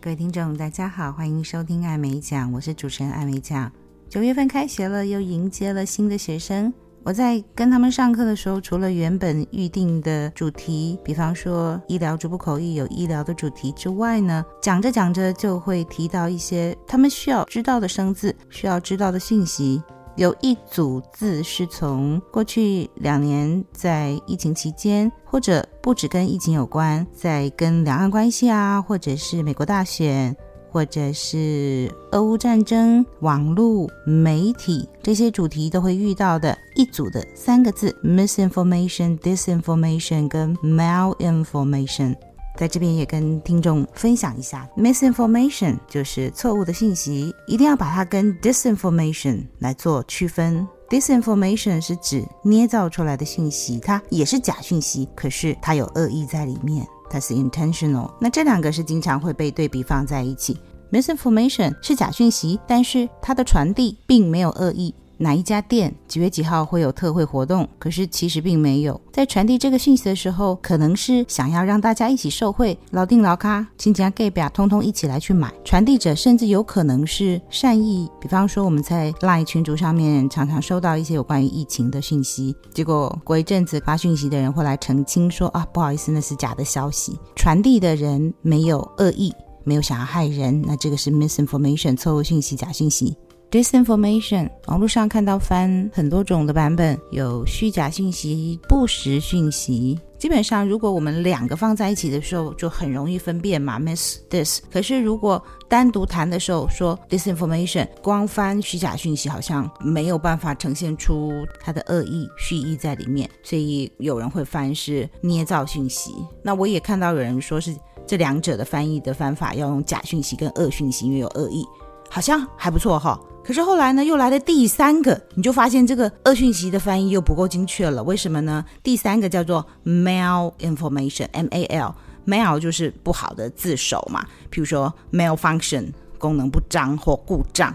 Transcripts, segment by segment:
各位聽眾，大家好，歡迎收聽艾美講，我是主持人艾美講。九月份開學了，又迎接了新的學生。我在跟他們上課的時候，除了原本預定的主題，比方說醫療逐步口譯有醫療的主題之外呢，講着講着就會提到一些他們需要知道的生字，需要知道的信息。有一組字是從過去兩年在疫情期間，或者不止跟疫情有關，在跟兩岸關係啊，或者是美國大選。或者是俄烏戰爭、網絡媒體這些主題都會遇到的一組的三個字：misinformation、disinformation 跟 malinformation。在這邊也跟聽眾分享一下，misinformation 就是錯誤的信息，一定要把它跟 disinformation 來做區分。disinformation 是指捏造出來的信息，它也是假訊息，可是它有惡意在裡面，它是 intentional。那這兩個是經常會被對比放在一起。Misinformation 是假訊息，但是它的傳遞並沒有惡意。哪一家店幾月幾號會有特惠活動？可是其實並沒有。在傳遞這個訊息的時候，可能是想要讓大家一起受惠，老丁、老卡，親戚阿 Gay 表通通一起來去買。傳遞者甚至有可能是善意，比方說我們在 Line 群組上面常常收到一些有關於疫情的訊息，結果過一陣子發訊息的人會來澄清說啊不好意思，那是假的消息，傳遞的人沒有惡意。沒有想要害人，那這個是 misinformation 錯誤訊息、假訊息。disinformation 網路上看到翻很多種的版本，有虛假訊息、不實訊息。基本上如果我們兩個放在一起的時候，就很容易分辨嘛。mis this 可是如果單獨談的時候，說 disinformation 光翻虛假訊息，好像沒有辦法呈現出它的惡意、蓄意在裡面，所以有人會翻是捏造訊息。那我也看到有人說是。這兩者的翻譯的方法要用假訊息跟惡訊息，因為有惡意，好像還不錯哈、哦。可是後來呢，又來了第三個，你就發現這個惡訊息的翻譯又不夠精確了。為什麼呢？第三個叫做 mal information，M A L，mal 就是不好的字首嘛。譬如說 malfunction，功能不彰或故障。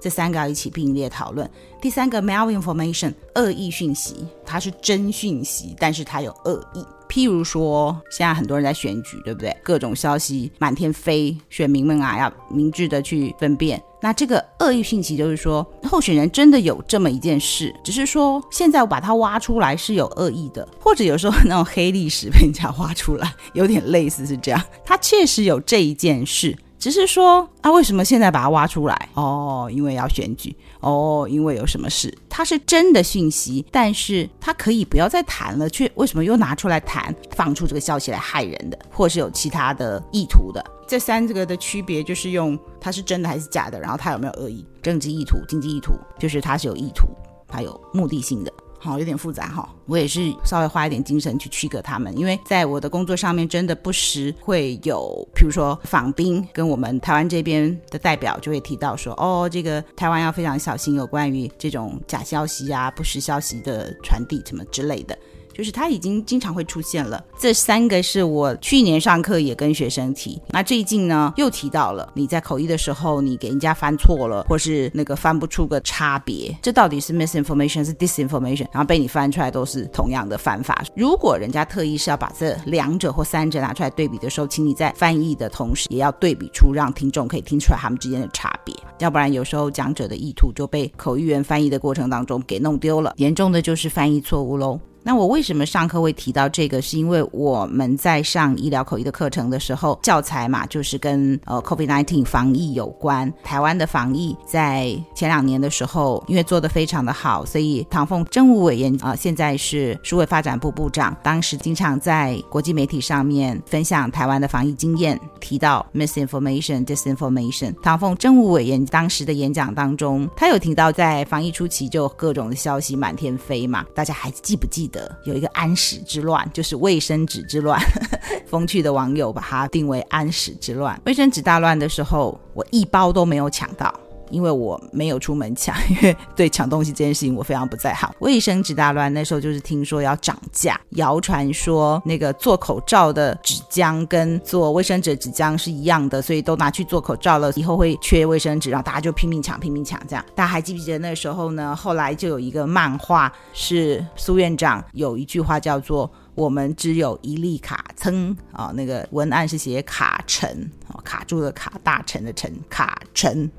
這三個要一起並列討論。第三個，Malinformation，惡意訊息，它是真訊息，但是它有惡意。譬如說，現在很多人在選舉，對不對？各種消息滿天飛，選民們啊，要明智地去分辨。那這個惡意訊息就是說，候選人真的有這麼一件事，只是說現在我把它挖出來是有惡意的，或者有時候那種黑歷史被人家挖出來，有點類似是這樣，它確實有這一件事。只是說啊，為什麼現在把它挖出來？哦、oh，因為要選舉，哦、oh，因為有什麼事？它是真的訊息，但是它可以不要再談了，卻為什麼又拿出來談，放出這個消息來害人的，或是有其他的意圖的？這三個的區別就是用它是真的還是假的，然後它有沒有惡意、政治意圖、經濟意圖，就是它是有意圖，它有目的性的。好，有點複雜哈、哦。我也是稍微花一點精神去區隔他們，因為在我的工作上面，真的不時會有，譬如說訪賓跟我們台灣這邊的代表就會提到說，哦，這個台灣要非常小心有關於這種假消息啊、不實消息的傳遞什麼之類的。就是它已經經常會出現了。這三個是我去年上課也跟學生提，那最近呢又提到了。你在口譯的時候，你給人家翻錯了，或是那個翻不出個差別，這到底是 misinformation 是 disinformation，然後被你翻出來都是同樣的翻法。如果人家特意是要把這兩者或三者拿出來對比的時候，請你在翻譯的同時，也要對比出讓聽眾可以聽出來他們之間的差別。要不然有時候講者的意圖就被口譯員翻譯的過程當中給弄丟了，嚴重的就是翻譯錯誤嘍。那我為什麼上課會提到這個？是因為我們在上醫療口譯的課程的時候，教材嘛，就是跟呃 COVID-19 防疫有關。台灣的防疫在前兩年的時候，因為做得非常的好，所以唐鳳政務委員啊、呃，現在是數位發展部部長，當時經常在國際媒體上面分享台灣的防疫經驗，提到 misinformation、disinformation。唐鳳政務委員當時的演講當中，他有提到在防疫初期就各種的消息滿天飛嘛，大家還記不記得？的有一個安屎之亂，就是衛生紙之亂。 風趣的網友把它定為安屎之亂。衛生紙大亂的時候，我一包都沒有搶到。因為我沒有出門搶，因為對搶東西這件事情我非常不在行。衛生紙大亂，那時候就是聽說要漲價，謠傳說那個做口罩的紙漿跟做衛生紙的紙漿是一樣的，所以都拿去做口罩了，以後會缺衛生紙，然後大家就拼命搶，拼命搶，這樣。大家還記不記得那時候呢？後來就有一個漫畫，是蘇院長有一句話叫做“我們只有一粒卡臣”，啊、哦，那個文案是寫卡臣“卡臣”。卡住的卡，大臣的臣，卡臣，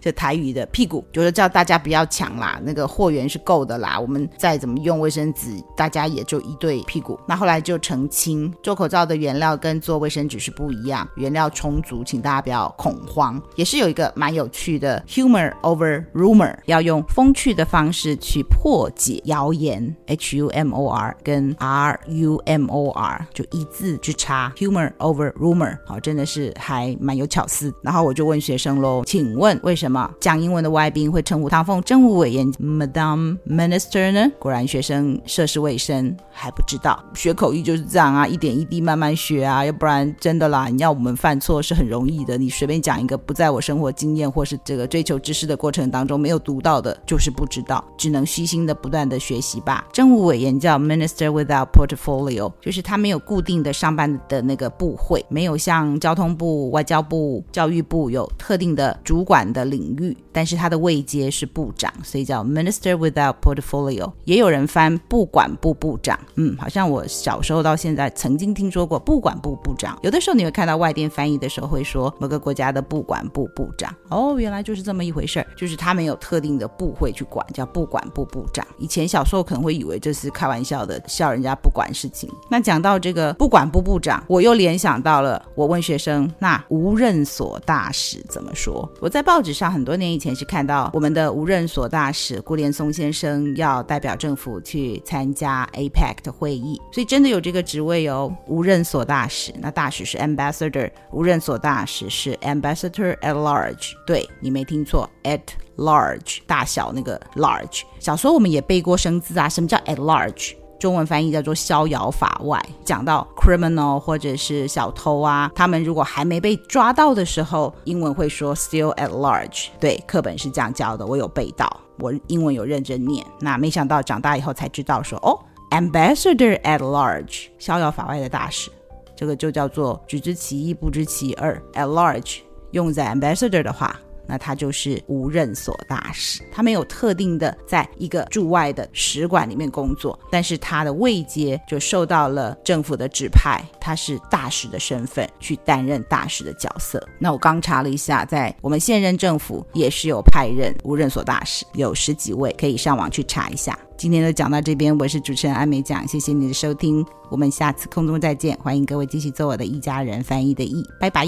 就台語的屁股，就是叫大家不要搶啦，那個貨源是夠的啦，我們再怎麼用衛生紙，大家也就一對屁股。那後來就澄清，做口罩的原料跟做衛生紙是不一樣，原料充足，請大家不要恐慌。也是有一個蠻有趣的 Humor over Rumor，要用風趣的方式去破解謠言。h u m o r 跟 r u m o r 就一字之差，Humor over Rumor，好，真的是還。還蠻有巧思，然後我就問學生嘍：“請問為什麼講英文的外賓會稱呼唐鳳政務委員 Madam Minister 呢？”果然學生涉世未深還不知道，學口譯就是這樣啊，一點一滴慢慢學啊，要不然真的啦，你要我們犯錯是很容易的，你隨便講一個不在我生活經驗或是這個追求知識的過程當中沒有讀到的，就是不知道，只能虛心的不斷的學習吧。政務委員叫 Minister without Portfolio，就是他沒有固定的上班的那個部會，沒有像交通部、外交部、教育部有特定的主管的領域，但是他的位階是部長，所以叫 Minister without Portfolio。也有人翻不管部部長。嗯，好像我小時候到現在曾經聽說過不管部部長。有的時候你會看到外電翻譯的時候會說某個國家的不管部部長。哦，原來就是這麼一回事兒，就是他沒有特定的部會去管，叫不管部部長。以前小時候可能會以為這是開玩笑的，笑人家不管事情。那講到這個不管部部長，我又聯想到了，我問學生那。啊、無任所大使怎麼說？我在報紙上很多年以前是看到我們的無任所大使顧連松先生要代表政府去參加 APEC 的會議，所以真的有這個職位哦。無任所大使，那大使是 ambassador，無任所大使是 ambassador at large 對。對你沒聽錯，at large，大小那個 large。小時候我們也背過生字啊，什麼叫 at large？中文翻譯叫做逍遙法外。講到 criminal 或者是小偷啊，他們如果還沒被抓到的時候，英文會說 still at large。對，課本是這樣教的。我有背到，我英文有認真唸。那沒想到長大以後才知道說，說哦，ambassador at large，逍遙法外的大使，這個就叫做只知其一不知其二。at large 用在 ambassador 的話，那他就是無任所大使，他沒有特定的在一個駐外的使館裡面工作，但是他的位階就受到了政府的指派，他是大使的身份去擔任大使的角色。那我剛查了一下，在我們現任政府也是有派任無任所大使，有十幾位，可以上網去查一下。今天的講到這邊，我是主持人艾美講，謝謝你的收聽，我們下次空中再見，歡迎各位繼續做我的譯家人翻譯的譯，拜拜。